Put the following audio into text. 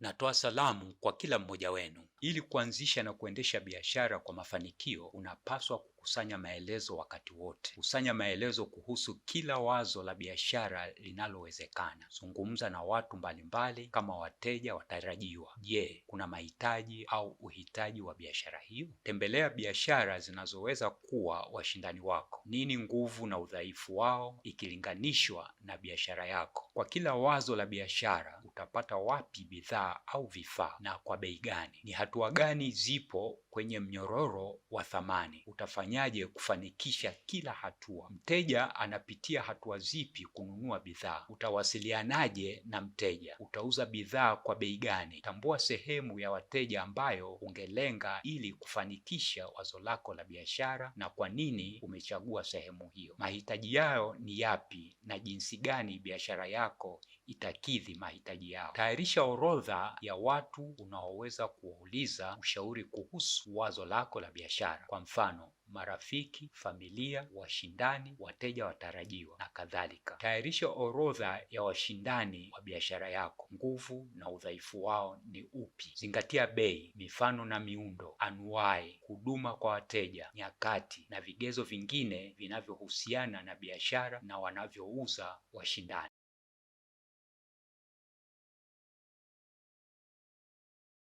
Natoa salamu kwa kila mmoja wenu. Ili kuanzisha na kuendesha biashara kwa mafanikio, unapaswa kukusanya maelezo wakati wote. Kusanya maelezo kuhusu kila wazo la biashara linalowezekana. Zungumza na watu mbalimbali kama wateja watarajiwa. Je, kuna mahitaji au uhitaji wa biashara hiyo? Tembelea biashara zinazoweza kuwa washindani wako. Nini nguvu na udhaifu wao ikilinganishwa na biashara yako? Kwa kila wazo la biashara, utapata wapi bidhaa vifaa au vifaa na kwa bei gani? Ni hatua gani zipo kwenye mnyororo wa thamani? Utafanyaje kufanikisha kila hatua? Mteja anapitia hatua zipi kununua bidhaa? Utawasilianaje na mteja? Utauza bidhaa kwa bei gani? Tambua sehemu ya wateja ambayo ungelenga ili kufanikisha wazo lako la biashara na kwa nini umechagua sehemu hiyo. Mahitaji yao ni yapi na jinsi gani biashara yako itakidhi mahitaji yao? Tayarisha orodha kadhaa ya watu unaoweza kuwauliza ushauri kuhusu wazo lako la biashara, kwa mfano marafiki, familia, washindani, wateja watarajiwa na kadhalika. Tayarisha orodha ya washindani wa biashara yako, nguvu na udhaifu wao ni upi. Zingatia bei, mifano na miundo, anuai, huduma kwa wateja, nyakati na vigezo vingine vinavyohusiana na biashara na wanavyouza washindani.